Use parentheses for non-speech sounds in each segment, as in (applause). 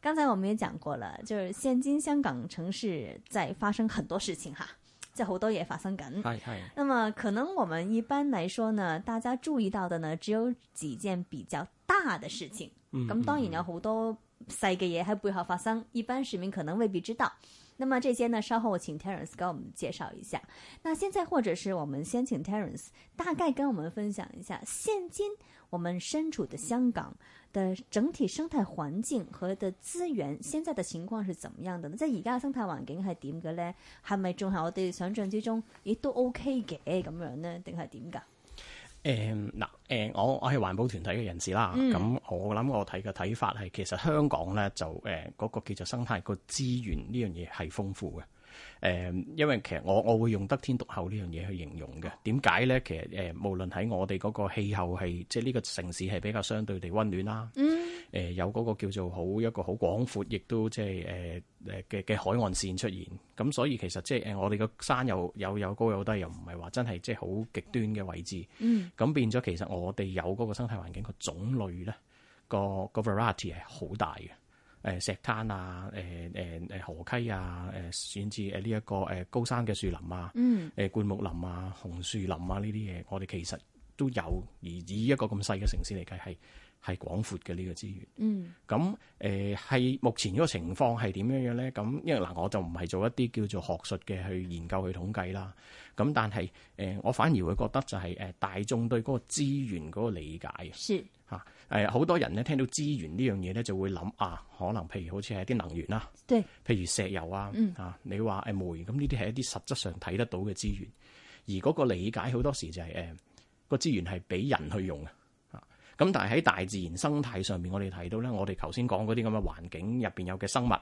剛才我們也講過了，就是現今香港城市在發生很多事情哈，在好多嘢發生緊。係係嘿。那麼可能我們一般來說呢，大家注意到的呢，只有幾件比較大的事情。嗯。咁當然有，嗯、好多細嘅嘢喺背後發生，一般市民可能未必知道。那麼這些呢，稍後請 Terence 跟我們介紹一下。那現在或者是我們先請 Terence 大概跟我們分享一下現今我們身處的香港。誒，整體生態環境和的資源，現在的情況是怎麼樣的呢？即係而家嘅生態環境係點嘅呢？係咪仲係我哋想象之中也可以的？亦都 OK 嘅咁樣呢？定係點噶？誒、呃，嗱，誒，我我係環保團體嘅人士啦，咁、嗯、我諗我睇嘅睇法係，其實香港咧就誒，嗰、呃那個叫做生態個資源呢樣嘢係豐富嘅。誒，因為其實我我會用得天獨厚呢樣嘢去形容嘅。點解咧？其實誒、呃，無論喺我哋嗰個氣候係，即係呢個城市係比較相對地温暖啦。嗯。誒、呃，有嗰個叫做好一個好廣闊，亦都即係誒誒嘅嘅海岸綫出現。咁所以其實即係誒，我哋個山又有，有，有高有低，又唔係話真係即係好極端嘅位置。嗯。咁變咗，其實我哋有嗰個生態環境個種類咧，個個 variety 係好大嘅。誒石灘啊，誒誒誒河溪啊，誒甚至誒呢一個誒高山嘅樹林啊，誒、嗯、灌木林啊、紅樹林啊呢啲嘢，我哋其實都有。而以一個咁細嘅城市嚟計，係係廣闊嘅呢個資源。嗯，咁誒係目前嗰個情況係點樣樣咧？咁因為嗱，我就唔係做一啲叫做學術嘅去研究去統計啦。咁但係誒，我反而會覺得就係誒大眾對嗰個資源嗰個理解。是。係好多人咧聽到資源呢樣嘢咧，就會諗啊，可能譬如好似係啲能源啦，對譬如石油、嗯、啊，啊，你話誒煤，咁呢啲係一啲實質上睇得到嘅資源。而嗰個理解好多時就係誒個資源係俾人去用啊，咁但係喺大自然生態上面，我哋睇到咧，我哋頭先講嗰啲咁嘅環境入邊有嘅生物，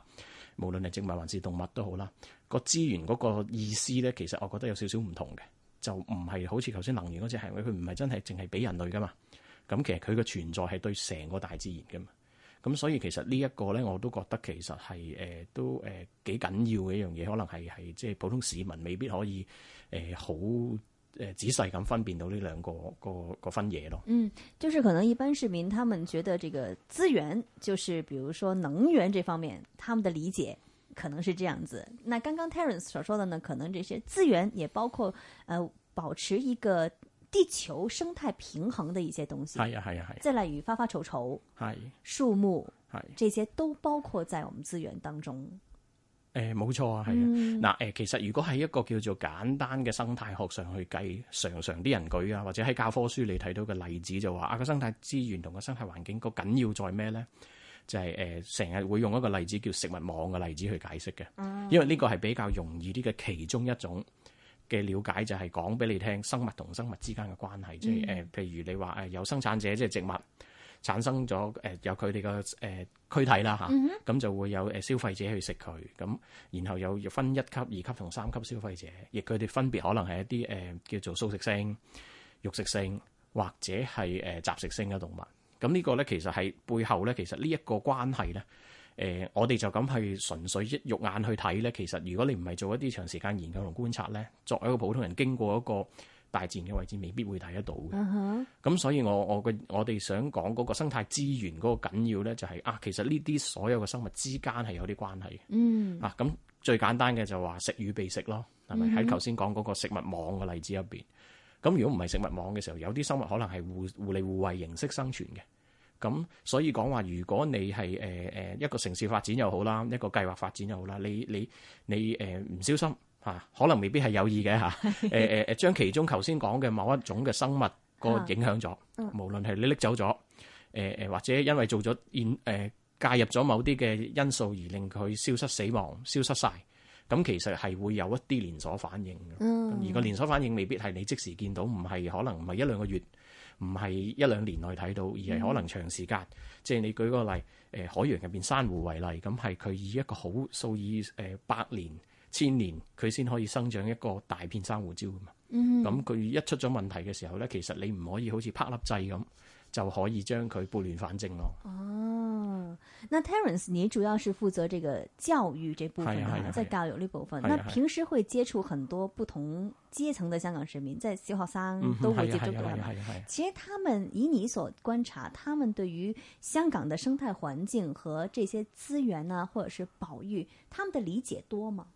無論係植物還是動物都好啦，個資源嗰個意思咧，其實我覺得有少少唔同嘅，就唔係好似頭先能源嗰隻係，佢唔係真係淨係俾人類噶嘛。咁其實佢嘅存在係對成個大自然嘅嘛，咁所以其實這呢一個咧，我都覺得其實係誒、呃、都幾緊、呃、要嘅一樣嘢，可能係即係普通市民未必可以誒好誒仔細咁分辨到呢兩個個、個分野咯。嗯，就是可能一般市民，他們覺得這個資源，就是比如說能源這方面，他們的理解可能是這樣子。那剛剛 Terence 所說的呢，可能這些資源也包括，呃、保持一個。地球生態平衡嘅一些東西，係啊係啊係，即係例如花花草草、係樹、啊啊啊、木，係、啊啊、這些都包括在我們資源當中。誒、呃，冇錯啊，係啊。嗱、嗯，誒，其實如果喺一個叫做簡單嘅生態學上去計，常常啲人舉啊，或者喺教科書你睇到嘅例子就話啊，個生態資源同個生態環境個緊要在咩咧？就係、是、誒，成、呃、日會用一個例子叫食物網嘅例子去解釋嘅，因為呢個係比較容易啲嘅其中一種。嗯嘅了解就係講俾你聽，生物同生物之間嘅關係，即係誒，譬如你話誒有生產者，即、就、係、是、植物產生咗誒，有佢哋嘅誒軀體啦嚇，咁、啊嗯、哼就會有誒消費者去食佢，咁然後有分一級、二級同三級消費者，亦佢哋分別可能係一啲誒、呃、叫做素食性、肉食性或者係誒、呃、雜食性嘅動物。咁呢個咧其實係背後咧，其實呢一個關係咧。呃、我哋就咁係純粹一肉眼去睇咧，其實如果你唔係做一啲長時間研究同觀察咧，作為一個普通人經過一個大自然嘅位置，未必會睇得到嘅。咁、uh huh. 所以我、我我嘅我哋想講嗰個生態資源嗰個緊要咧、就是，就係啊，其實呢啲所有嘅生物之間係有啲關係咁、uh huh. 啊、最簡單嘅就話食與被食咯，係咪喺頭先講嗰個食物網嘅例子入面。咁如果唔係食物網嘅時候，有啲生物可能係互互利互惠形式生存嘅。咁所以講話，如果你係誒誒一個城市發展又好啦，一個計劃發展又好啦，你你你誒唔、呃、小心嚇、啊，可能未必係有意嘅嚇。誒誒誒，將、 (laughs) 呃、其中頭先講嘅某一種嘅生物個影響咗，啊嗯、無論係你拎走咗，誒、呃、誒或者因為做咗現誒介入咗某啲嘅因素而令佢消失死亡，消失晒，咁其實係會有一啲連鎖反應嘅。嗯、而個連鎖反應未必係你即時見到，唔係可能唔係一兩個月。唔係一兩年內睇到，而係可能長時間。嗯、即係你舉個例、呃，海洋入面珊瑚為例，咁係佢以一個好數以誒百年、千年佢先可以生長一個大片珊瑚礁噶嘛。咁佢、嗯、一出咗問題嘅時候咧，其實你唔可以好似啪粒掣咁，就可以將佢撥亂反正咯。哦，那 Terence，你主要是負責這個教育這部分是是是在教育呢部分，是是是那平時會接觸很多不同階層的香港市民，在小學生都會接觸過。嗯、是是是是其實他們以你所觀察，他們對於香港的生態環境和這些資源啊，或者是保育，他們的理解多嗎？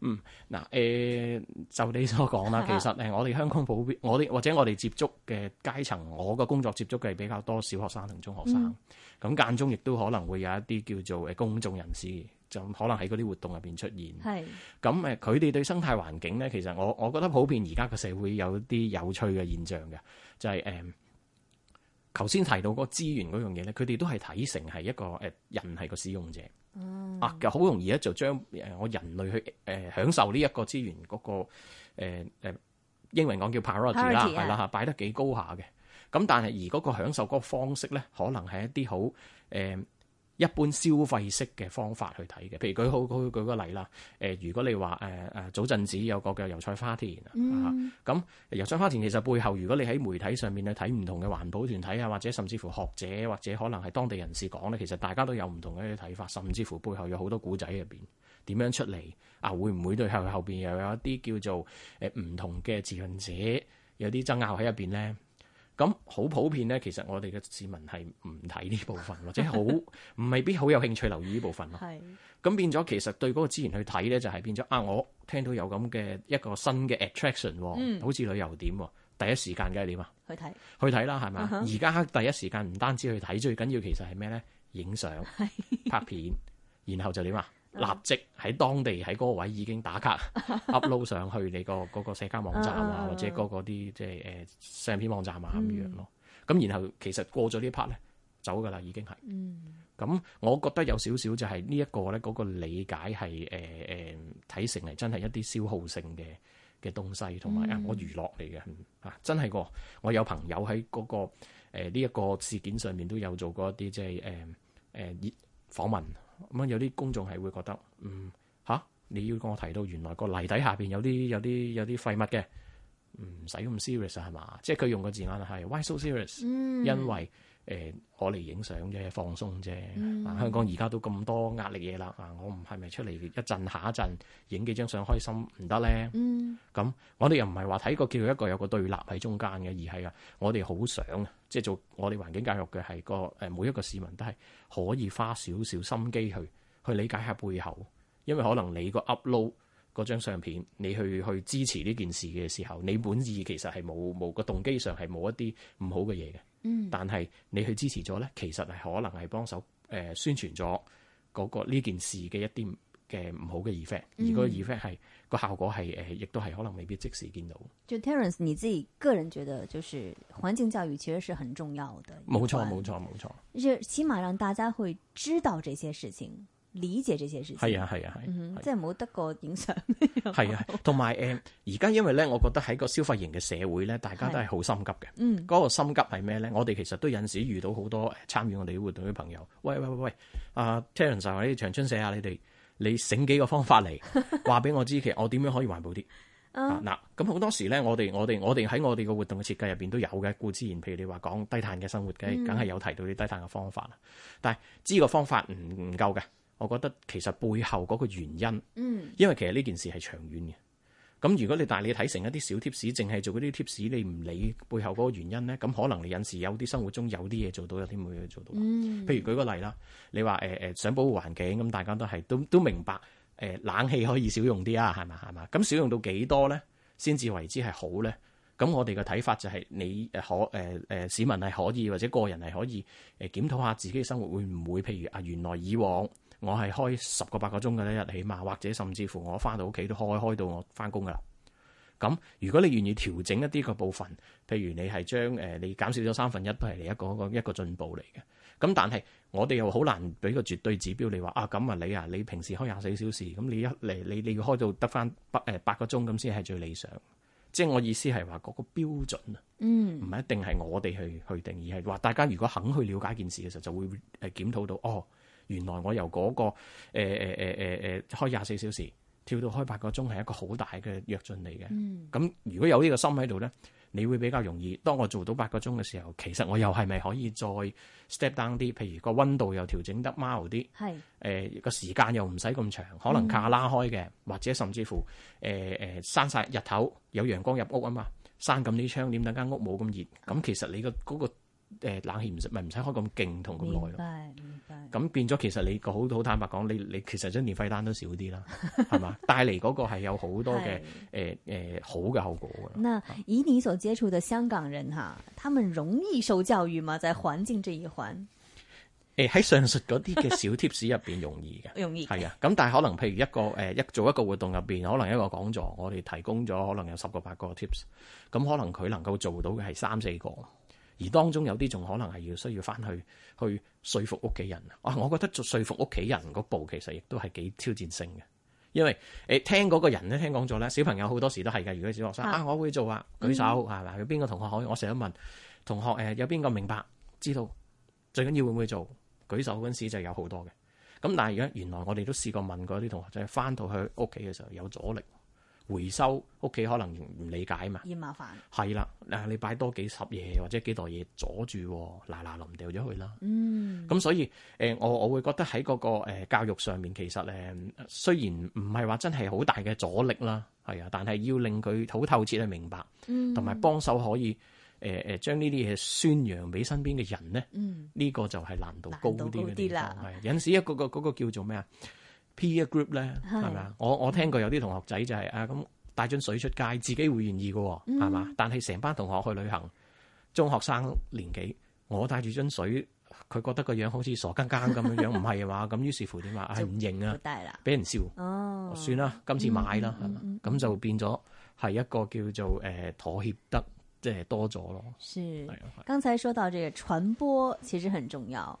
嗯，嗱、呃，就你所講啦，其實我哋香港普遍，我哋或者我哋接觸嘅階層，我嘅工作接觸嘅係比較多小學生同中學生，咁間、嗯、中亦都可能會有一啲叫做呃公眾人士，就可能喺嗰啲活動入邊出現。係，咁佢哋對生態環境咧，其實我我覺得普遍而家個社會有啲有趣嘅現象嘅，就係、是嗯頭先提到嗰個資源嗰樣嘢咧，佢哋都係睇成係一個誒人係個使用者，啊、嗯，好容易咧就將誒我人類去誒享受呢一個資源嗰個誒誒英文講叫 priority 啦、啊，係啦嚇，擺得幾高下嘅。咁但係而嗰個享受嗰個方式咧，可能係一啲好誒。呃一般消費式嘅方法去睇嘅，譬如舉好，舉個例啦。誒、呃，如果你話誒誒，早陣子有個叫油菜花田、嗯、啊，咁油菜花田其實背後，如果你喺媒體上面去睇唔同嘅環保團體啊，或者甚至乎學者，或者可能係當地人士講咧，其實大家都有唔同嘅睇法，甚至乎背後有好多古仔入邊點樣出嚟啊？會唔會對後後邊又有一啲叫做誒唔、呃、同嘅自願者有啲爭拗喺入邊咧？咁好普遍咧，其實我哋嘅市民係唔睇呢部分，或者好唔未必好有興趣留意呢部分咯。咁 (laughs) 變咗，其實對嗰個資源去睇咧，就係、是、變咗啊！我聽到有咁嘅一個新嘅 attraction、嗯、好似旅遊點，第一時間梗係點啊？去睇看，去睇啦，係咪？而家、uh huh、第一時間唔單止去睇，最緊要其實係咩咧？影相、 (laughs) 拍片，然後就點啊？立即喺當地喺嗰個位已經打卡 upload (laughs) 上去你個嗰社交網站啊， (laughs) 或者嗰個啲即係誒相片網站啊咁樣咯。咁、呃 (laughs) 嗯、然後其實過咗呢 part 咧走㗎喇，已經係。嗯。咁、嗯嗯、我覺得有少少就係呢一個咧，嗰個理解係誒誒睇成係真係一啲消耗性嘅嘅東西，同埋、嗯、啊我娛樂嚟嘅嚇真係個我有朋友喺嗰、嗰個呢一、呃這個事件上面都有做過一啲即係誒誒訪問。咁、嗯、有啲公眾係會覺得，嗯，嚇，你要同我提到原來個泥底下面有啲有啲有啲廢物嘅，唔使咁 serious 啊係嘛？即係佢用個字眼係 why so serious？、嗯、因為。誒、欸，我嚟影相啫，放鬆啫、嗯啊。香港而家都咁多壓力嘢啦，啊，我唔係咪出嚟一陣下一陣影幾張相，開心唔得咧？咁、嗯、我哋又唔係話睇個過叫一個有一個對立喺中間嘅，而係啊，我哋好想啊，即係做我哋環境教育嘅係個每一個市民都係可以花少少心機去去理解下背後，因為可能你個 upload 嗰張相片，你去去支持呢件事嘅時候，你本意其實係冇冇個動機上係冇一啲唔好嘅嘢嘅。嗯、但係你去支持咗，咧，其實係可能係幫手誒宣傳咗嗰個呢件事嘅一啲嘅唔好嘅 effect、嗯、而個 effect 係個效果係誒亦都係可能未必即時見到。就 Terence 你自己個人覺得，就是環境教育其實是很重要嘅。冇錯冇錯冇錯，即起碼讓大家會知道這些事情。理解這些事情啊係啊，即係冇得個影相係啊，同埋誒而家因為咧，我覺得喺個消費型嘅社會咧，大家都係好心急嘅，啊。嗯，嗰個心急係咩咧？我哋其實都有陣時遇到好多參與我哋啲活動嘅朋友，喂喂喂喂，阿 Terence 就話，ence, 長春社啊，你哋你醒幾個方法嚟話俾我知，其實 (laughs) 我點樣可以環保啲嗱，咁好、嗯啊、多時咧，我哋我哋我哋喺我哋個活動嘅設計入邊都有嘅。故之然，譬如你話講低碳嘅生活嘅，梗係有提到啲低碳嘅方法啦。嗯、但係知個方法唔唔夠嘅。我覺得其實背後嗰個原因，嗯，因為其實呢件事係長遠嘅。咁如果你但係你睇成一啲小 tips，淨係做嗰啲 tips，你唔理背後嗰個原因咧，咁可能你有時有啲生活中有啲嘢做到，有啲冇嘢做到。嗯，譬如舉個例啦，你話誒誒想保護環境，咁大家都係都都明白誒、呃、冷氣可以少用啲啊，係嘛係嘛？咁少用到幾多咧，先至為之係好咧？咁我哋嘅睇法就係你可誒誒市民係可以或者個人係可以誒、呃、檢討下自己嘅生活會唔會譬如啊原來以往。我係開十個八個鐘嘅一日起碼，或者甚至乎我翻到屋企都開開到我翻工噶啦。咁如果你願意調整一啲個部分，譬如你係將誒你減少咗三分一，都係一一個一個進步嚟嘅。咁但係我哋又好難俾個絕對指標，你話啊咁啊你啊你平時開廿四小時，咁你一嚟你你要開到得翻八誒八個鐘咁先係最理想。即係我意思係話嗰個標準啊，嗯，唔係一定係我哋去去定義，係話大家如果肯去了解件事嘅時候，就會誒檢討到哦。原來我由嗰、那個誒誒誒誒誒開廿四小時跳到開八個鐘係一個好大嘅躍進嚟嘅。咁、嗯、如果有呢個心喺度咧，你會比較容易。當我做到八個鐘嘅時候，其實我又係咪可以再 step down 啲？譬如個温度又調整得 mild 啲，誒個是、呃、時間又唔使咁長，可能卡拉開嘅，嗯、或者甚至乎誒誒閂晒日頭，有陽光入屋啊嘛，閂噉啲窗點等間屋冇咁熱。咁、嗯、其實你、那個嗰個。誒、呃，冷氣唔使咪唔使開咁勁，同咁耐咯。明白，明白。咁變咗，其實你個好好坦白講，你你其實張電費單都少啲啦，係嘛？ (laughs) 帶嚟嗰個係有好多嘅，誒誒好嘅後果噶。那以你所接觸的香港人吓，他們容易受教育嗎？在環境這一環？誒、嗯，喺、呃、上述嗰啲嘅小 tips 入邊容易嘅， (laughs) 容易係的啊。咁但係可能譬如一個誒一、呃、做一個活動入邊，可能一個講座，我哋提供咗可能有十個八個 tips，咁可能佢能夠做到嘅係三四個。而當中有啲仲可能係要需要翻去去說服屋企人啊！我覺得做說服屋企人嗰步其實亦都係幾挑戰性嘅，因為誒聽嗰個人咧聽講咗咧，小朋友好多時都係嘅。如果小學生啊，我會做啊，舉手、嗯啊、有邊個同學可以？我成日問同學、呃、有邊個明白知道最緊要會唔會做？舉手嗰陣時就有好多嘅。咁但係而家原來我哋都試過問過啲同學，就係翻到去屋企嘅時候有阻力。回收屋企可能唔理解嘛，而麻煩。係啦，嗱你擺多幾十嘢或者幾袋嘢阻住，嗱嗱臨掉咗去啦。嗯，咁所以、呃、我我會覺得喺嗰、那個、呃、教育上面，其實誒雖然唔係話真係好大嘅阻力啦，係啊，但係要令佢好透徹去明白，同埋、嗯、幫手可以誒誒、呃、將呢啲嘢宣揚俾身邊嘅人咧，呢、嗯、個就係難度高啲嘅，係有時一、那個個嗰、那個叫做咩啊？Peer group 咧，係咪啊？我我聽過有啲同學仔就係、是、啊，咁帶樽水出街，自己會願意噶，係嘛？嗯、但係成班同學去旅行，中學生年紀，我帶住樽水，佢覺得個樣好似傻更更咁樣樣，唔係嘅話？咁於是乎點話？係唔認啊？俾人笑哦，算啦，今次買啦，係嘛、嗯？咁、嗯、嗎就變咗係一個叫做誒、呃、妥協得即係多咗咯。是，係啊是。剛是才說到這個傳播其實很重要。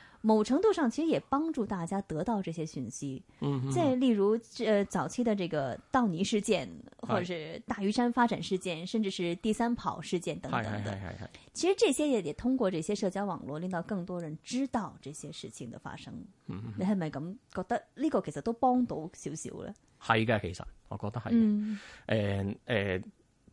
某程度上，其實也幫助大家得到這些訊息。嗯嗯、例如，這早期的這個倒泥事件，是或者是大嶼山發展事件，甚至是第三跑事件等等，其實這些也也通過這些社交網絡令到更多人知道這些事情的發生。嗯、你係咪咁覺得呢個其實都幫到少少咧？係嘅，其實我覺得係、嗯。誒誒，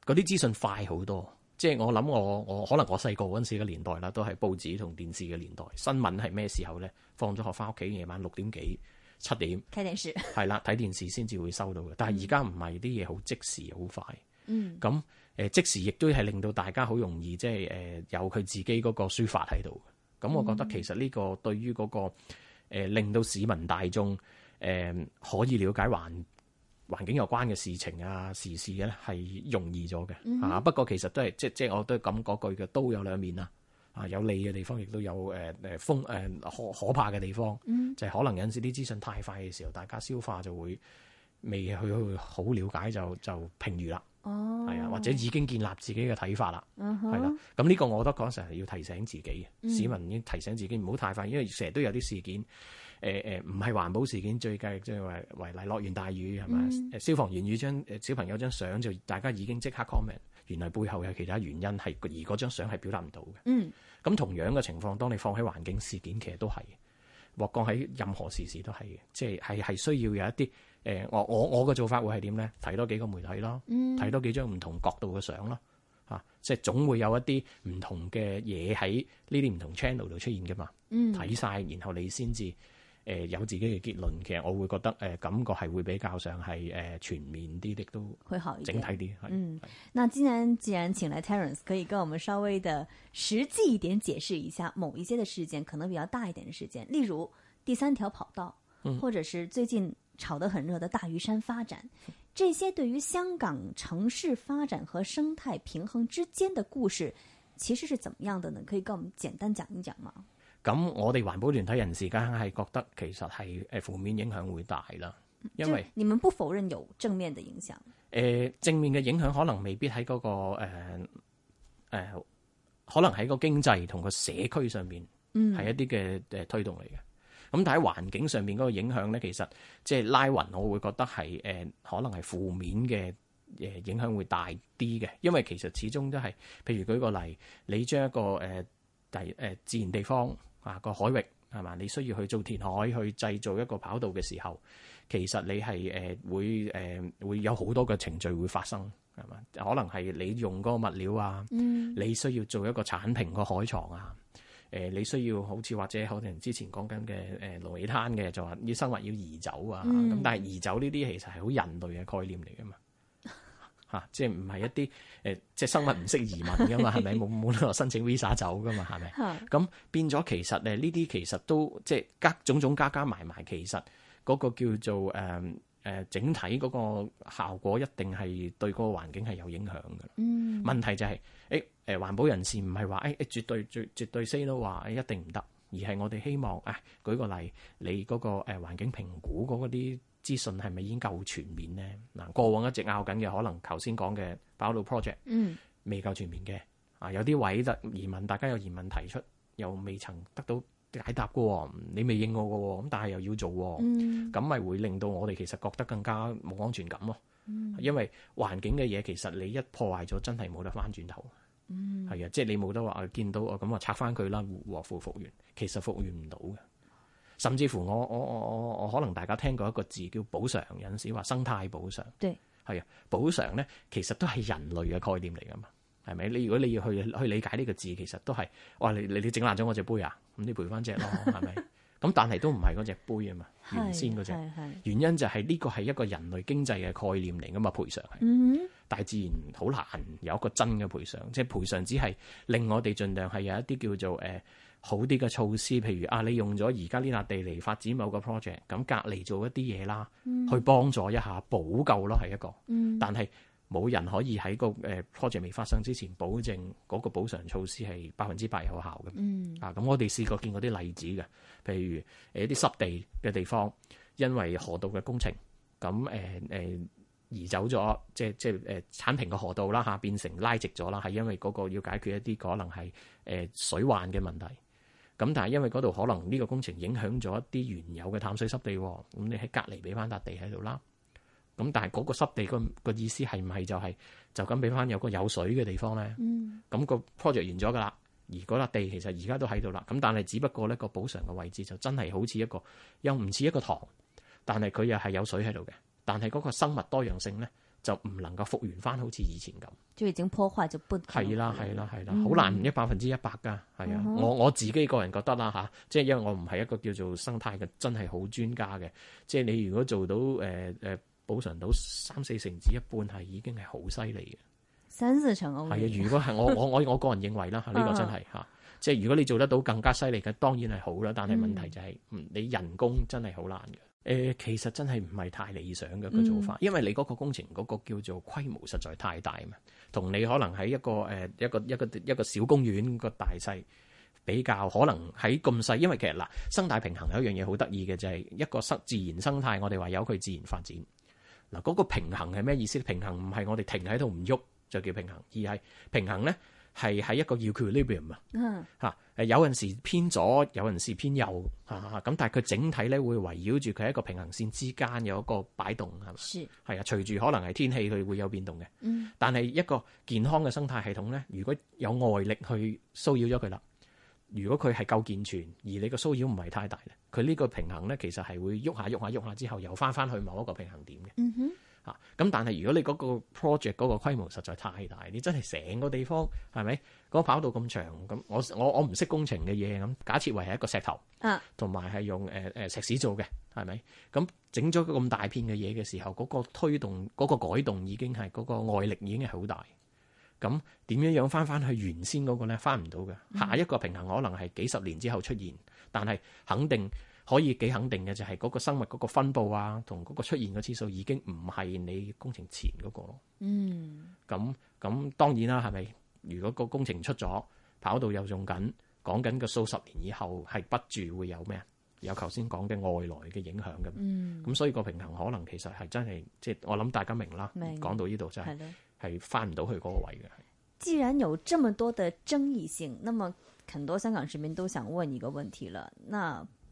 嗰啲資訊快好多。即係我諗，我我可能我細個嗰陣時嘅年代啦，都係報紙同電視嘅年代。新聞係咩時候咧？放咗學返屋企，夜晚六點幾、七點，睇電視係啦，睇 (laughs) 電視先至會收到嘅。但係而家唔係，啲嘢好即時，好快。嗯，咁誒、呃、即時亦都係令到大家好容易，即係誒、呃、有佢自己嗰個書法喺度。咁我覺得其實呢個對於嗰、那個、呃、令到市民大眾誒、呃、可以了解環環境有關嘅事情啊、時事嘅咧係容易咗嘅，嗯、哼，啊不過其實都係即即我都咁講句嘅，都有兩面啊，啊有利嘅地方亦都有誒誒風誒可可怕嘅地方，就係可能有陣時啲資訊太快嘅時候，大家消化就會未去去好了解就就評語啦，係、哦、啊，或者已經建立自己嘅睇法啦，係啦、嗯哼，咁呢、啊、個我覺得講成係要提醒自己、嗯、哼市民要提醒自己唔好太快，因為成日都有啲事件。誒誒，唔係、呃呃、環保事件最近，即為為例，落完大雨係嘛？誒、嗯、消防員與張誒小朋友張相就大家已經即刻 comment，原來背後有其他原因係而嗰張相係表達唔到嘅。嗯，咁同樣嘅情況，當你放喺環境事件，其實都係，或放喺任何時事都係，即係係係需要有一啲誒、呃、我我我嘅做法會係點咧？睇多看幾個媒體咯，睇多看幾張唔同角度嘅相咯，嚇、嗯啊，即係總會有一啲唔同嘅嘢喺呢啲唔同 channel 度出現噶嘛。睇晒、嗯，然後你先至。呃、有自己嘅結論，其實我會覺得、呃、感覺係會比較上係、呃、全面啲，亦都整體啲。會好一點。是嗯，那既然既然請來 Terence，可以跟我們稍微的實際一點解釋一下某一些的事件，可能比較大一點的事件，例如第三條跑道，或者是最近炒得很熱的大嶼山發展，嗯、這些對於香港城市發展和生態平衡之間的故事，其實是怎麼樣的呢？可以跟我們簡單講一講嗎？咁我哋環保團體人士梗係覺得，其實係誒負面影響會大啦，因為你們不否認有正面嘅影響。誒，正面嘅影響可能未必喺嗰、那個誒誒、呃，可能喺個經濟同個社區上面，嗯，係一啲嘅誒推動嚟嘅。咁但喺環境上面嗰個影響咧，其實即係拉勻，我會覺得係誒、呃、可能係負面嘅誒影響會大啲嘅，因為其實始終都係，譬如舉個例，你將一個誒第誒自然地方。啊個海域係嘛？你需要去做填海去製造一個跑道嘅時候，其實你係誒、呃、會誒、呃、會有好多嘅程序會發生係嘛？可能係你用嗰個物料啊，嗯、你需要做一個剷平個海床啊。誒、呃、你需要好似或者可能之前講緊嘅誒泥灘嘅，就話要生物要移走啊。咁、嗯、但係移走呢啲其實係好人類嘅概念嚟嘅嘛。吓、即係唔係一啲、呃、即係生物唔識移民嘅嘛，係咪？ (laughs) 冇冇得申請 visa 走嘅嘛，係咪？咁 (laughs) 變咗其實誒，呢啲其實都即係加種種加加埋埋，其實嗰個叫做誒誒、呃呃、整體嗰個效果一定係對嗰個環境係有影響嘅。嗯，問題就係、是、誒、欸、環保人士唔係話誒絕絕對最絕 say no 話一定唔得，而係我哋希望啊舉個例，你嗰、嗰個環、呃、環境評估嗰嗰啲。資訊係咪已經夠全面咧？嗱，過往一直拗緊嘅，可能頭先講嘅包老 project，嗯，未夠全面嘅，啊，有啲委實疑問，大家有疑問提出，又未曾得到解答嘅喎，你未應我嘅喎，咁但係又要做喎，嗯，咁咪會令到我哋其實覺得更加冇安全感咯，嗯，因為環境嘅嘢其實你一破壞咗，真係冇得翻轉頭，嗯，係啊，即係你冇得話啊，見到啊咁啊拆翻佢啦，和乎復原，其實復原唔到嘅。甚至乎，我我我我我可能大家聽過一個字叫補償，有陣時話生態補償，係啊對補償咧，其實都係人類嘅概念嚟噶嘛，係咪？你如果你要去去理解呢個字，其實都係話你你你整爛咗我隻杯啊，咁你賠翻隻咯，係咪？咁 (laughs) 但係都唔係嗰隻杯啊嘛，原先嗰隻。係係係，原因就係呢個係一個人類經濟嘅概念嚟噶嘛，賠償係。嗯哼。大自然好難有一個真嘅賠償，即係賠償只係令我哋盡量係有一啲叫做誒。呃好啲嘅措施，譬如啊，你用咗而家呢笪地嚟發展某個 project，咁隔離做一啲嘢啦，嗯、去幫助一下補救咯，係一個，但係冇人可以喺個誒 project 未發生之前，保證嗰個補償措施係百分之百有效嘅。嗯、啊，咁我哋試過見過啲例子嘅，譬如誒一啲濕地嘅地方，因為河道嘅工程，咁誒誒移走咗，即係即係誒鏟平嘅河道啦吓，變成拉直咗啦，係因為嗰個要解決一啲可能係誒水患嘅問題。咁但係因為嗰度可能呢個工程影響咗一啲原有嘅淡水濕地，咁你喺隔離俾翻笪地喺度啦。咁但係嗰個濕地個意思係唔係就係就咁俾翻有個有水嘅地方咧？咁、嗯、個 project 完咗㗎啦，而嗰笪地其實而家都喺度啦。咁但係只不過咧個補償嘅位置就真係好似一個又唔似一個塘，但係佢又係有水喺度嘅。但係嗰個生物多樣性咧，就唔能夠復原翻好似以前咁，就已經破壞咗半係啦，係啦、啊，係啦、啊，好、啊、難一百分之一百噶，係啊，嗯、哼我我自己個人覺得啦吓，即、啊、係因為我唔係一個叫做生態嘅真係好專家嘅，即係你如果做到誒誒補償到三四成至一半係已經係好犀利嘅，三四成我係啊，如果係我我我我個人認為啦嚇，呢 (laughs) 個真係嚇，啊、即係如果你做得到更加犀利嘅，當然係好啦，但係問題就係、是嗯、你人工真係好難嘅。誒，其實真係唔係太理想嘅個做法，嗯、因為你嗰個工程嗰個叫做規模實在太大嘛，同你可能喺一個誒、呃、一個一個一個小公園個大細比較，可能喺咁細。因為其實嗱，生態平衡有一樣嘢好得意嘅就係一個生、就係、自然生態，我哋話有佢自然發展嗱，嗰個平衡係咩意思？平衡唔係我哋停喺度唔喐就叫平衡，而係平衡咧。係喺一個 equilibrium 嘛？嗯，嚇誒、啊、有陣時偏左，有陣時偏右嚇咁、啊，但係佢整體咧會圍繞住佢一個平衡線之間有一個擺動係咪？是係啊是，隨住可能係天氣佢會有變動嘅。嗯、但係一個健康嘅生態系統咧，如果有外力去騷擾咗佢啦，如果佢係夠健全，而你個騷擾唔係太大咧，佢呢個平衡咧其實係會喐下喐下喐下之後又翻翻去某一個平衡點嘅。嗯哼。啊！咁但係如果你嗰個 project 嗰個規模實在太大，你真係成個地方係咪？嗰個跑道咁長咁，我我我唔識工程嘅嘢咁，假設為係一個石頭，啊，同埋係用誒誒石屎做嘅，係咪？咁整咗咁大片嘅嘢嘅時候，嗰個推動嗰個改動已經係嗰個外力已經係好大。咁點樣樣翻翻去原先嗰個咧？翻唔到嘅。下一個平衡可能係幾十年之後出現，但係肯定。可以幾肯定嘅就係、是、嗰個生物嗰個分布啊，同嗰個出現嘅次數已經唔係你工程前嗰個咯。嗯，咁咁當然啦，係咪？如果個工程出咗跑道又用緊，講緊個數十年以後係不住會有咩啊？有頭先講嘅外來嘅影響咁。嗯，咁所以個平衡可能其實係真係即係我諗大家明啦。明白，講到呢度就係係翻唔到去嗰個位嘅。既然有這麼多嘅爭議性，那麼很多香港市民都想問一個問題了，那？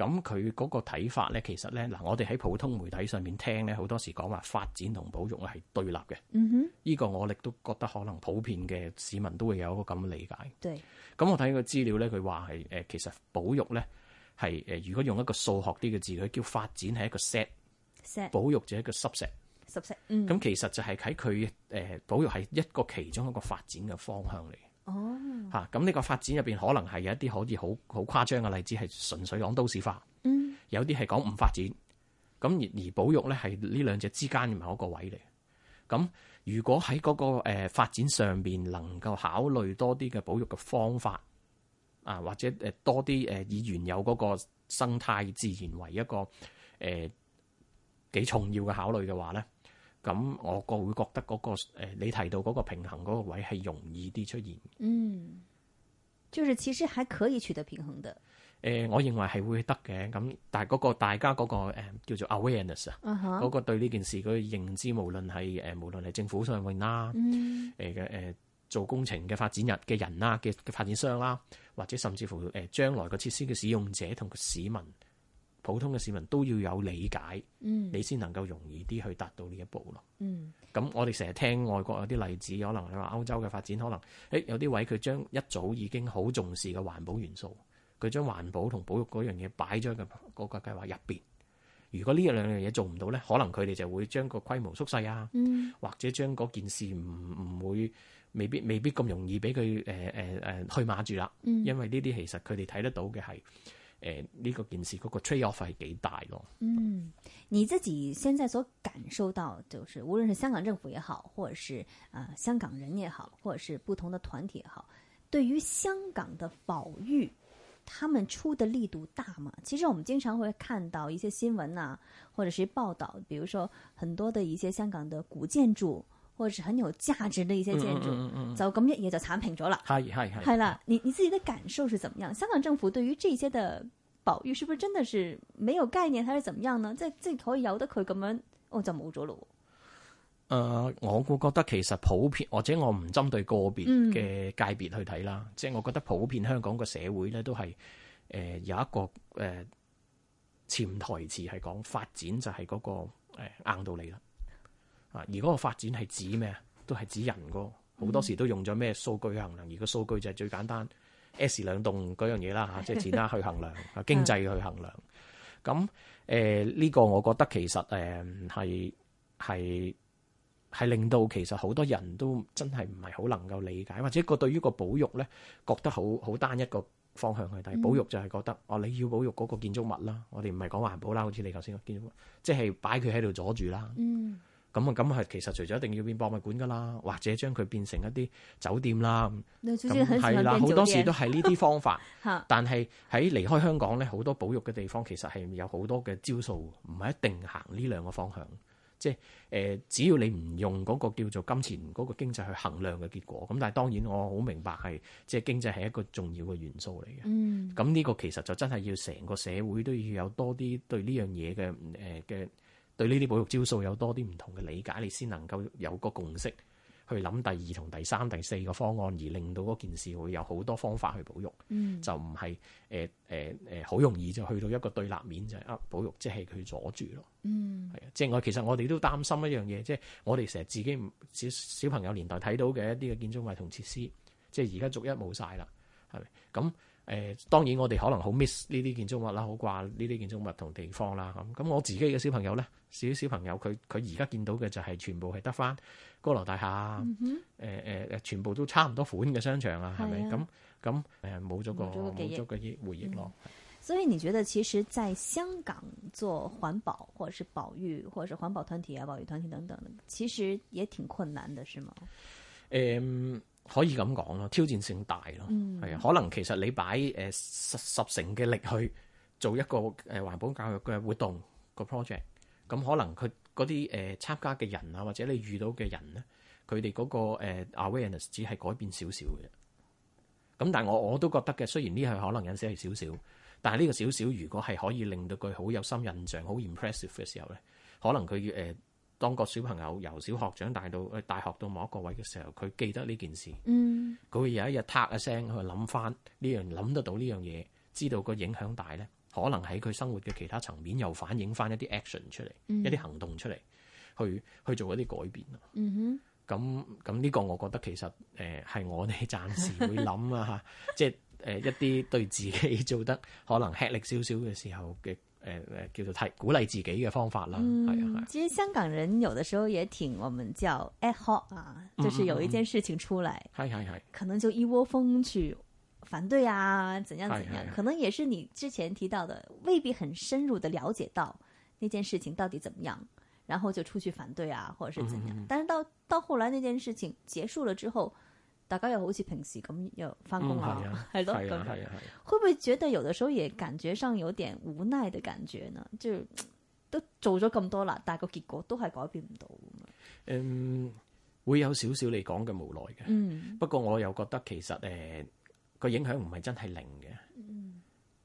咁佢嗰個睇法咧，其實咧嗱，我哋喺普通媒體上面聽咧，好多時講話發展同保育係係對立嘅。嗯哼，呢個我亦都覺得可能普遍嘅市民都會有一個咁嘅理解。對，咁我睇個資料咧，佢話係誒其實保育咧係誒如果用一個數學啲嘅字佢叫發展係一個 set，set 保育就係一個 subset、嗯，subset。咁其實就係喺佢誒保育係一個其中一個發展嘅方向嚟。哦，吓，咁呢個發展入邊可能係有一啲可以好好誇張嘅例子，係純粹講都市化，嗯，有啲係講唔發展，咁而而保育咧係呢兩者之間又有一個位嚟。咁如果喺嗰個誒發展上邊能夠考慮多啲嘅保育嘅方法，啊或者誒多啲誒以原有嗰個生態自然為一個誒幾，呃，重要嘅考慮嘅話咧。咁我個會覺得嗰個、誒你提到嗰個平衡嗰個位係容易啲出現。嗯，就是其實還可以取得平衡的。誒、呃，我認為係會得嘅。咁但係嗰個大家嗰、嗰個、呃、叫做 awareness 啊哼，嗰個對呢件事嗰個認知，無論係誒無論係政府上邊啦，誒嘅誒做工程嘅發展人嘅人啦，嘅嘅發展商啦，或者甚至乎誒將、呃、來個設施嘅使用者同個市民。普通嘅市民都要有理解，嗯、你先能夠容易啲去達到呢一步咯。咁、嗯、我哋成日聽外國有啲例子，可能你話歐洲嘅發展，可能誒有啲位佢將一早已經好重視嘅環保元素，佢將環保同保育嗰樣嘢擺咗喺個個計劃入邊。如果呢一兩樣嘢做唔到咧，可能佢哋就會將個規模縮細啊，嗯、或者將嗰件事唔唔會未必未必咁容易俾佢誒誒誒去馬住啦。嗯、因為呢啲其實佢哋睇得到嘅係。誒呢個件事嗰個 trade off 係幾大咯？嗯，你自己現在所感受到，就是無論是香港政府也好，或者是啊、呃、香港人也好，或者是不同的團體也好，對於香港的保育，他們出的力度大嘛。其實我們經常會看到一些新聞啊，或者是報道，比如說很多的一些香港的古建築。或者很有價值的一些建築，嗯嗯嗯、就咁一嘢就鏟平咗啦。係係係啦，你你自己的感受是怎麼樣？香港政府對於這些的保育是不是真的是沒有概念，還是怎麼樣呢？即係即係可以由得佢咁樣，哦就冇咗咯。誒、呃，我會覺得其實普遍，或者我唔針對個別嘅界別去睇啦。嗯、即我覺得普遍香港嘅社會咧都係誒、呃、有一個誒潛、呃、台詞係講發展就係嗰、那個誒、呃、硬道理啦。啊！而嗰個發展係指咩？都係指人個好多時都用咗咩數據去衡量，而個數據就係最簡單 S 兩棟嗰樣嘢啦。嚇，即係錢啦去衡量啊，經濟去衡量咁呢、 (laughs) 呃呢個我覺得其實誒係係係令到其實好多人都真係唔係好能夠理解，或者個對於個保育咧覺得好好單一個方向去睇保育，就係覺得、嗯、哦，你要保育嗰個建築物啦。我哋唔係講環保啦，好似你頭先個建築物，即係擺佢喺度阻住啦。嗯。咁啊，咁係其實除咗一定要變博物館㗎啦，或者將佢變成一啲酒店啦，咁係啦，好多時都係呢啲方法。 (laughs) 但係喺離開香港咧，好多保育嘅地方其實係有好多嘅招數，唔係一定行呢兩個方向。即係誒、呃，只要你唔用嗰個叫做金錢嗰個經濟去衡量嘅結果。咁但係當然我好明白係，即係經濟係一個重要嘅元素嚟嘅。咁呢、嗯、個其實就真係要成個社會都要有多啲對呢樣嘢嘅誒嘅。呃對呢啲保育招數有多啲唔同嘅理解，你先能夠有個共識去諗第二同第三、第四個方案，而令到嗰件事會有好多方法去保育。嗯，就唔係誒誒誒，好容易就去到一個對立面就係啊，保育即係佢阻住咯。嗯，係啊，即係我其實我哋都擔心一樣嘢，即係我哋成日自己小小朋友年代睇到嘅一啲嘅建築物同設施，即係而家逐一冇晒啦。係咪？咁誒、呃，當然我哋可能好 miss 呢啲建築物啦，好掛呢啲建築物同地方啦。咁咁，我自己嘅小朋友咧。少小，小朋友佢佢而家見到嘅就係全部係得翻高樓大廈、嗯哼呃、全部都差唔多款嘅商場啊，係咪咁咁誒？冇咗、呃、個記憶、冇咗回憶囉。嗯、是所以，你覺得其實在香港做環保，或者是保育，或者是環保團體啊、保育團體等等，其實也挺困難的，是嗎、嗯、可以咁講咯，挑戰性大咯，啊、嗯。可能其實你擺、呃、十十成嘅力去做一個誒、呃、環保教育嘅活動個 project。咁可能佢嗰啲誒參加嘅人啊，或者你遇到嘅人咧，佢哋嗰個、呃、awareness 只係改變少少嘅。咁但係我我都覺得嘅，雖然呢係可能有陣時係少少，但係呢個少少如果係可以令到佢好有心印象、好 impressive 嘅時候咧，可能佢、呃、當個小朋友由小學長大到大學到某一個位嘅時候，佢記得呢件事，嗯，佢會有一日撻一聲去諗翻呢樣，諗得到呢樣嘢，知道個影響大咧。可能喺佢生活嘅其他層面又反映翻一啲 action 出嚟，嗯、一啲行動出嚟，去去做一啲改變。嗯哼，咁咁呢個我覺得其實誒係、呃、我哋暫時會諗啊嚇，即係、 (laughs) 就是呃、一啲對自己做得可能吃力少少嘅時候嘅、呃、叫做提鼓勵自己嘅方法啦。嗯、啊，啊其實香港人有的時候也挺我們叫 ad hoc 啊，就是有一件事情出嚟，嗯嗯嗯嗯、可能就一窩蜂去。反對啊，怎樣怎樣，的可能也是你之前提到的，未必很深入的了解到那件事情到底怎麼樣，然後就出去反對啊，或者是怎樣。嗯、但是到到後來那件事情結束了之後，大家又好似平時咁又返工啦，係咯、嗯，咁樣，嗯、會不會覺得有的時候也感覺上有點無奈的感覺呢？就都做咗咁多啦，但係個結果都係改變唔到。嗯，會有少少你講嘅無奈嘅，嗯，不過我又覺得其實誒。呃個影響唔係真係零嘅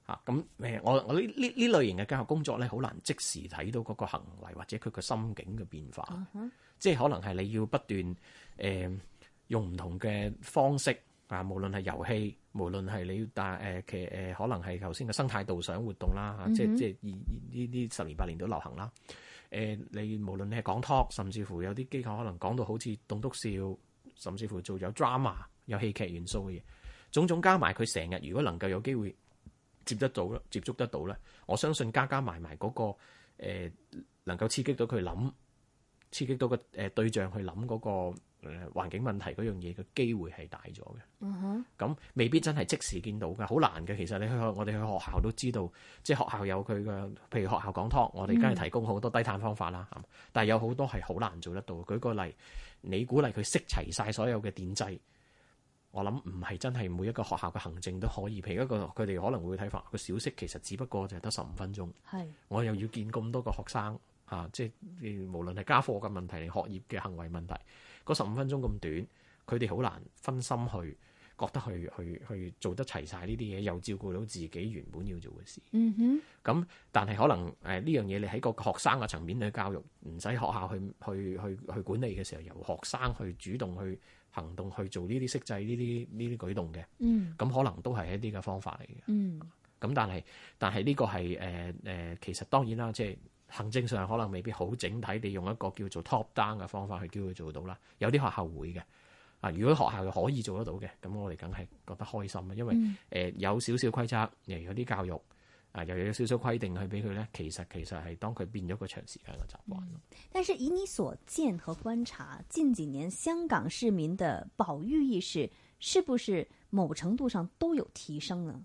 嚇咁誒。我我呢呢呢類型嘅教學工作咧，好難即時睇到嗰個行為或者佢個心境嘅變化，嗯、哼即係可能係你要不斷誒、呃、用唔同嘅方式啊，無論係遊戲，無論係你要帶誒其誒，可能係頭先嘅生態導賞活動啦嚇，嗯、哼即即呢呢十年八年都流行啦。誒、呃，你無論你係講 talk，甚至乎有啲機構可能講到好似棟篤笑，甚至乎做咗 drama 有戲劇元素嘅嘢。種種加埋佢成日，如果能夠有機會接得到接觸得到咧，我相信加加埋埋嗰個、呃、能夠刺激到佢諗、刺激到個誒、呃、對象去諗嗰、個、呃、環境問題嗰樣嘢嘅機會係大咗嘅。嗯、哼，咁未必真係即時見到嘅，好難嘅。其實你去我哋去學校都知道，即係學校有佢嘅，譬如學校講劏，我哋梗係提供好多低碳方法啦。嗯、但係有好多係好難做得到。舉個例，你鼓勵佢熄齊晒所有嘅電掣。我諗唔係真係每一個學校嘅行政都可以，譬如一個佢哋可能會睇法，個小息其實只不過就係得十五分鐘。係，我又要見咁多個學生、啊、即係無論係家課嘅問題、學業嘅行為問題，嗰十五分鐘咁短，佢哋好難分心去覺得去去去做得齊晒呢啲嘢，又照顧到自己原本要做嘅事。嗯哼。咁但係可能呢樣嘢，呃這個、你喺個學生嘅層面去教育，唔使學校去去去去管理嘅時候，由學生去主動去。行動去做呢啲適制呢啲呢啲舉動嘅，嗯，咁可能都係一啲嘅方法嚟嘅，嗯，咁但係但係呢個係、呃呃、其實當然啦，即係行政上可能未必好整體地用一個叫做 top down 嘅方法去叫佢做到啦，有啲學校會嘅，啊，如果學校可以做得到嘅，咁我哋梗係覺得開心啊，因為、嗯呃、有少少規則，誒有啲教育。啊，又有少少規定去俾佢咧，其實其實係當佢變咗個長時間嘅習慣、嗯。但是以你所見和觀察，近幾年香港市民嘅保育意識，是不是某程度上都有提升呢？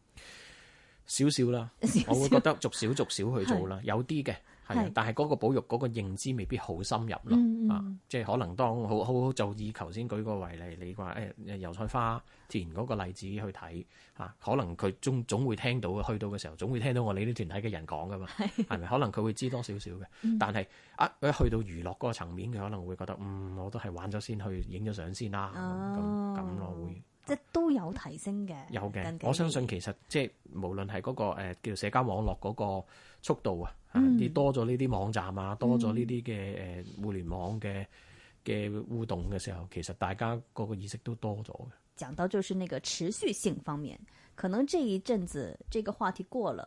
少少啦， (laughs) 我會覺得逐少逐少去做啦， (laughs) 是有啲嘅。係，但係嗰個保育嗰個認知未必好深入咯。嗯嗯啊，即係可能當好好就以頭先舉個為例，你話、哎、油菜花田嗰個例子去睇、啊、可能佢總，總會聽到去到嘅時候總會聽到我你啲團體嘅人講㗎嘛，係咪的？的可能佢會知多少少嘅。但係、嗯、啊，去到娛樂嗰個層面，佢可能會覺得嗯，我都係玩咗先去影咗相先啦、啊。咁咁咯，我會即係都有提升嘅。有嘅的，我相信其實即係無論係嗰個叫社交網絡嗰個。速度啊！啲、嗯、多咗呢啲網站啊，多咗呢啲嘅誒互聯網嘅嘅互動嘅時候，其實大家個個意識都多咗嘅。講到就是呢個持續性方面，可能呢一陣子呢個話題過了，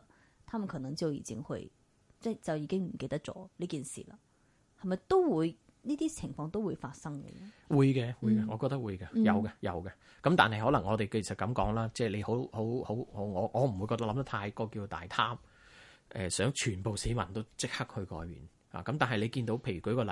佢哋可能就已經會，即係就已經唔記得咗呢件事啦。係咪都會呢啲情況都會發生嘅？會嘅，會嘅，我覺得會嘅、嗯，有嘅，有嘅。咁但係可能我哋其實咁講啦，即係你好好好好，我我唔會覺得諗得太過叫大貪。誒、呃、想全部市民都即刻去改變啊！咁但係你見到，譬如舉個例，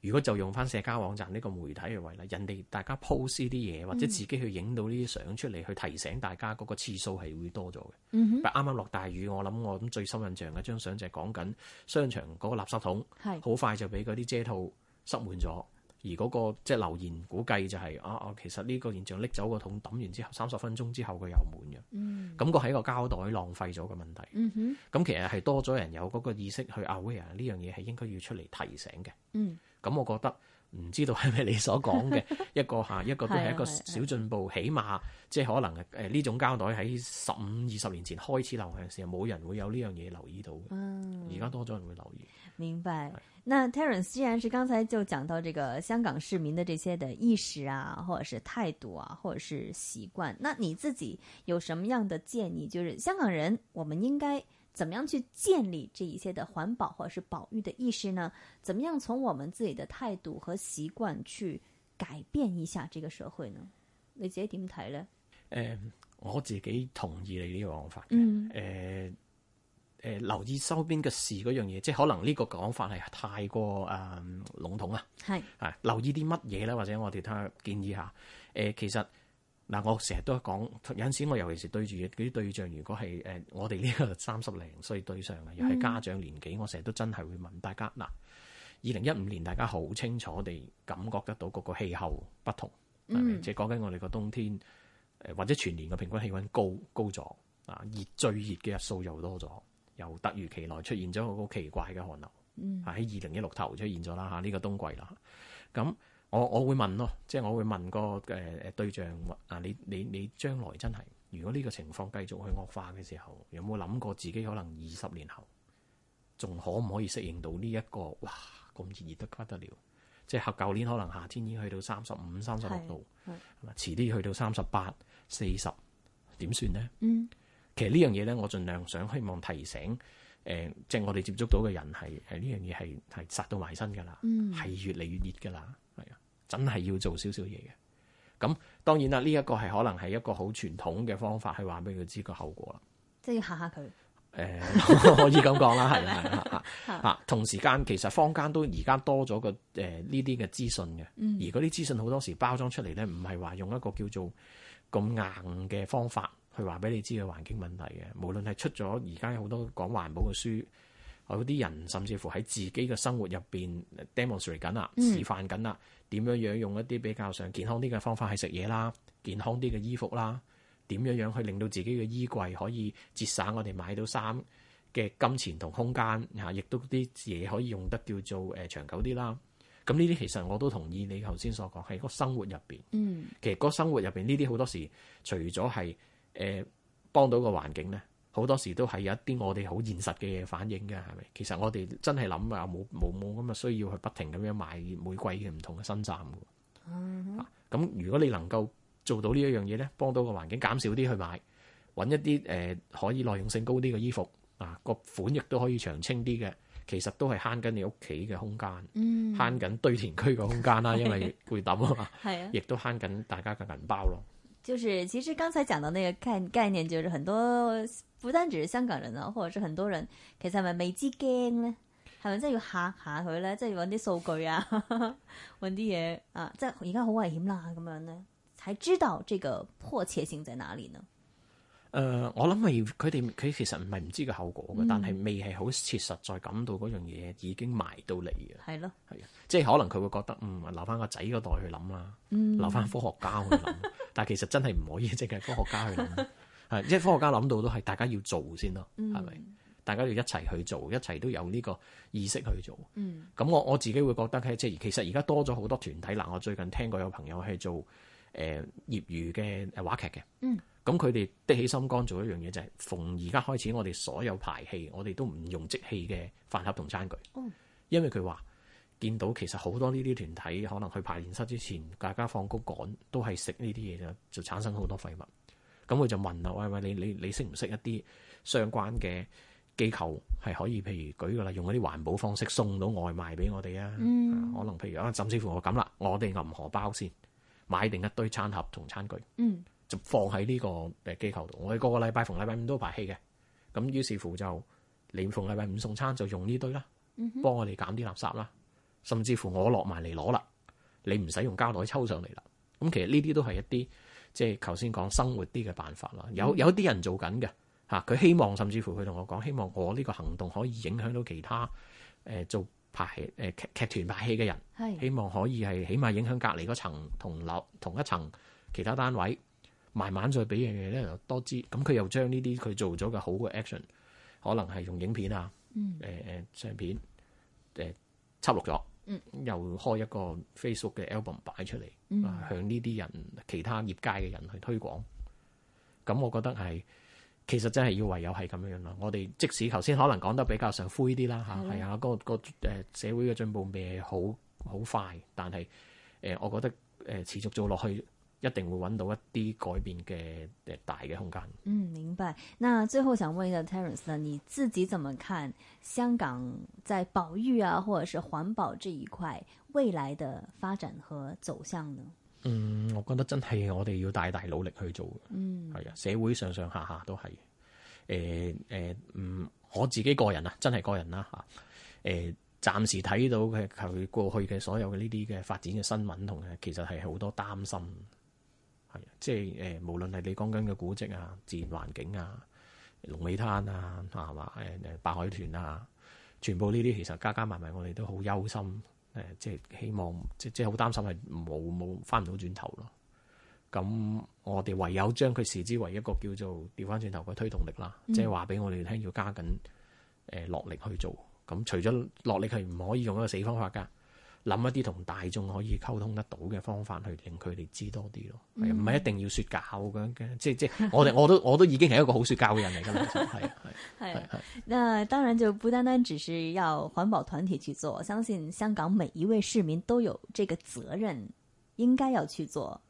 如果就用翻社交網站呢個媒體嘅為例，人哋大家 post 啲嘢，或者自己去影到呢啲相出嚟，去提醒大家嗰、嗰個次數係會多咗嘅。啱啱落大雨，我諗我諗最深印象嘅張相就係講緊商場嗰個垃圾桶，係好是快就俾嗰啲遮套塞滿咗。而嗰、那個即係留言估計就係、是、啊啊，其實呢個現象拎走個桶抌完之後，三十分鐘之後佢又滿嘅，感覺係一個膠袋浪費咗嘅問題。咁、嗯、哼其實係多咗人有嗰個意識去 aware 呢樣嘢係應該要出嚟提醒嘅。咁、嗯、我覺得唔知道係咪你所講嘅 (laughs) 一個嚇、啊、一個都係一個小進步， (laughs) (laughs) 起碼即係可能誒呢種膠袋喺十五二十年前開始流行的時候，冇人會有呢樣嘢留意到嘅。而家、嗯、多咗人會留意。明白。那 Terence 既然是剛才就講到這個香港市民的這些的意識啊，或者是態度啊，或者是習慣，那你自己有什麼樣的建議？就是香港人，我們應該怎麼樣去建立這一些的環保或者是保育的意識呢？怎麼樣從我們自己的態度和習慣去改變一下這個社會呢？你自己點睇呢？誒、呃，我自己同意你呢個講法嘅。嗯、mm。誒、hmm. 呃。誒、呃、留意周邊嘅事嗰樣嘢，即係可能呢個講法係太過誒、嗯、籠統啦。係啊是，留意啲乜嘢咧？或者我哋睇下建議一下誒、呃。其實嗱、呃，我成日都講有陣時，我尤其是對住嗰啲對象，如果係誒、呃、我哋呢個三十零歲對象嘅，又係家長年紀，嗯、我成日都真係會問大家嗱，二零一五年大家好清楚地感覺得到嗰個氣候不同，嗯、是不是即係講緊我哋個冬天誒、呃，或者全年嘅平均氣温高高咗啊，熱最熱嘅日數又多咗。又突如其來出現咗個好奇怪嘅寒流，喺二零一六頭出現咗啦，吓呢個冬季啦。咁我我會問咯，即係我會問個誒誒對象，啊你你你將來真係如果呢個情況繼續去惡化嘅時候，有冇諗過自己可能二十年後仲可唔可以適應到呢一個？哇，咁熱熱得不得了！即係合舊年可能夏天已經去到三十五、三十六度，係嘛，遲啲去到三十八、四十，點算呢？嗯。其實呢樣嘢咧，我盡量想希望提醒，誒、呃，即係我哋接觸到嘅人係，係係呢樣嘢係係殺到埋身噶啦，係、嗯、越嚟越熱噶啦，係啊，真係要做少少嘢嘅。咁當然啦，呢、這個、一個係可能係一個好傳統嘅方法，去話俾佢知個後果啦。即係要吓吓佢，誒、呃，可以咁講啦，係啦， (laughs) 係啦，啊，的同時間其實坊間都而家多咗個誒呢啲嘅資訊嘅，而嗰啲資訊好多時包裝出嚟咧，唔係話用一個叫做咁硬嘅方法。去話俾你知嘅環境問題嘅，無論係出咗而家好多講環保嘅書，有啲人甚至乎喺自己嘅生活入面 demo e 緊啦，示範緊啦，點、嗯、樣用一啲比較上健康啲嘅方法去食嘢啦，健康啲嘅衣服啦，點樣去令到自己嘅衣櫃可以節省我哋買到衫嘅金錢同空間吓，亦都啲嘢可以用得叫做誒長久啲啦。咁呢啲其實我都同意你頭先所講，喺個生活入面，嗯、其實個生活入面呢啲好多時，除咗係。誒、呃、幫到個環境咧，好多時都係有一啲我哋好現實嘅嘢反應嘅，係咪？其實我哋真係諗啊，冇冇冇咁嘅需要去不停咁樣買每季嘅唔同嘅新衫嘅。咁、嗯哼啊、如果你能夠做到呢一樣嘢咧，幫到個環境減少啲去買，揾一啲、呃、可以耐用性高啲嘅衣服啊，個款亦都可以長青啲嘅，其實都係慳緊你屋企嘅空間，慳緊、嗯、堆填區嘅空間啦，嗯、因為攰抌啊嘛，啊 (laughs) 的，亦 (laughs) 都慳緊大家嘅銀包咯。就是，其實剛才講到那個概概念，就是很多不單只是香港人啊，或者是很多人，其實係咪未知驚咧，係咪真係要吓吓佢咧，即係搵啲數據啊，搵啲嘢啊，即係而家好危險啦，咁樣咧，才知道這個迫切性在哪裏呢？誒、呃，我諗係佢哋佢其實唔係唔知個後果嘅，嗯、但係未係好切實在感到嗰樣嘢已經埋到嚟嘅。係咯的，係即係可能佢會覺得，嗯，留翻個仔嗰代去諗啦，嗯、留翻科學家去諗， (laughs) 但係其實真係唔可以，淨係科學家去諗，係 (laughs) 即係科學家諗到都係大家要做先咯，係咪，嗯？大家要一齊去做，一齊都有呢個意識去做。咁、嗯、我我自己會覺得，即係其實而家多咗好多團體嗱，我最近聽過有朋友係做誒、呃、業餘嘅誒話劇嘅。嗯咁佢哋的起心肝做一樣嘢就係、是，逢而家開始我哋所有排氣，我哋都唔用即棄嘅飯盒同餐具。嗯。因為佢話見到其實好多呢啲團體可能去排練室之前，大家放高趕都係食呢啲嘢，就就產生好多廢物。咁佢就問啦：喂喂，你你你識唔識一啲相關嘅機構係可以譬如舉噶啦，用嗰啲環保方式送到外賣俾我哋、嗯、啊？嗯。可能譬如啊，甚至乎我咁啦，我哋揞荷包先買定一堆餐盒同餐具。嗯。就放喺呢個誒機構度。我哋個個禮拜逢禮拜五都排戲嘅，咁於是乎就你逢禮拜五送餐就用呢堆啦，幫我哋減啲垃圾啦。甚至乎我落埋嚟攞啦，你唔使用膠袋抽上嚟啦。咁其實呢啲都係一啲即係頭先講生活啲嘅辦法啦。有有啲人做緊嘅嚇，佢希望甚至乎佢同我講，希望我呢個行動可以影響到其他誒、呃、做排誒劇劇團排戲嘅人，係是希望可以係起碼影響隔離嗰層同樓同一層其他單位。慢慢再俾樣嘢咧，又多知。咁佢又將呢啲佢做咗嘅好嘅 action，可能係用影片啊，誒誒相片誒輯、呃、錄咗，嗯、又開一個 Facebook 嘅 album 擺出嚟，嗯、向呢啲人、其他業界嘅人去推廣。咁我覺得係，其實真係要唯有係咁樣樣啦。我哋即使頭先可能講得比較上灰啲啦嚇，係、嗯、啊，啊嗰個、嗰個誒社會嘅進步未好好快，但係誒、呃、我覺得誒、呃、持續做落去。一定會揾到一啲改變嘅誒大嘅空間。嗯，明白。那最後想問一下 Terence 呢你自己怎麼看香港在保育啊，或者是環保這一塊未來嘅發展和走向呢？嗯，我覺得真係我哋要大大努力去做。嗯，係啊，社會上上下下都係。誒誒，嗯，我自己個人啊，真係個人啦嚇。誒，暫時睇到嘅佢過去嘅所有嘅呢啲嘅發展嘅新聞同其實係好多擔心。係，即係誒，無論係你講緊嘅古蹟啊、自然環境啊、龍尾灘啊，係嘛，誒誒白海豚啊，全部呢啲其實加加埋埋我哋都好憂心，誒即係希望即即係好擔心係冇冇翻唔到轉頭咯。咁我哋唯有將佢視之為一個叫做調翻轉頭嘅推動力啦，嗯、即係話俾我哋聽要加緊誒、呃、落力去做。咁除咗落力，係唔可以用一個死方法㗎。諗一啲同大眾可以溝通得到嘅方法，去令佢哋知多啲咯，唔係、嗯、一定要説教嘅，即即我哋我都 (laughs) 我都已經係一個好説教嘅人嚟嘅，係係係係。嗱， (laughs) 當然就不單單只是要環保團體去做，我相信香港每一位市民都有這個責任，應該要去做。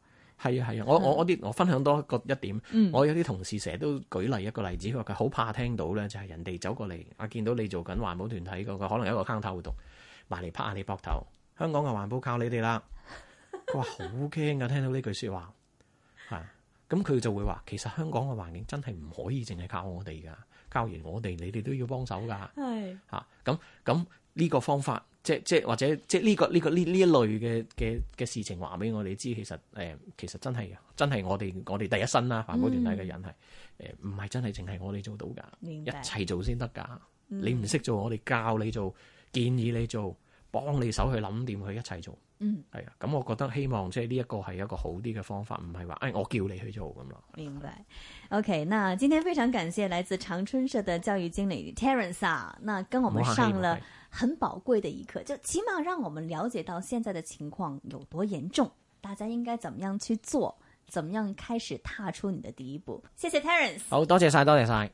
係啊係啊，我我我啲我分享多一個一點，嗯、我有啲同事成日都舉例一個例子，佢話佢好怕聽到咧，就係人哋走過嚟，啊見到你做緊環保團體、那個個可能有一個坑頭活動，埋嚟拍下你膊頭。香港嘅環保靠你哋啦，佢話好驚噶， (laughs) 聽到呢句説話，係咁佢就會話，其實香港嘅環境真係唔可以淨係靠我哋噶，靠完我哋，你哋都要幫手噶，係嚇咁咁呢個方法，即即或者即呢個呢個呢呢一類嘅嘅嘅事情，話俾我哋知，其實誒、呃、其實真係真係我哋我哋第一身啦，環保團體嘅人係誒唔係真係淨係我哋做到㗎，白一齊做先得㗎，嗯、你唔識做我哋教你做，建議你做。幫你手去諗掂去一齊做，嗯，係啊，咁我覺得希望即係呢一個係一個好啲嘅方法，唔係話誒我叫你去做咁咯。明白，OK，那今天非常感謝來自長春社的教育經理 Terence 啊，那跟我們上了很寶貴的一課，就起碼讓我們了解到現在的情況有多嚴重，大家應該怎麼樣去做，怎麼樣開始踏出你的第一步。謝謝 Terence，好多謝晒，多謝晒。多謝。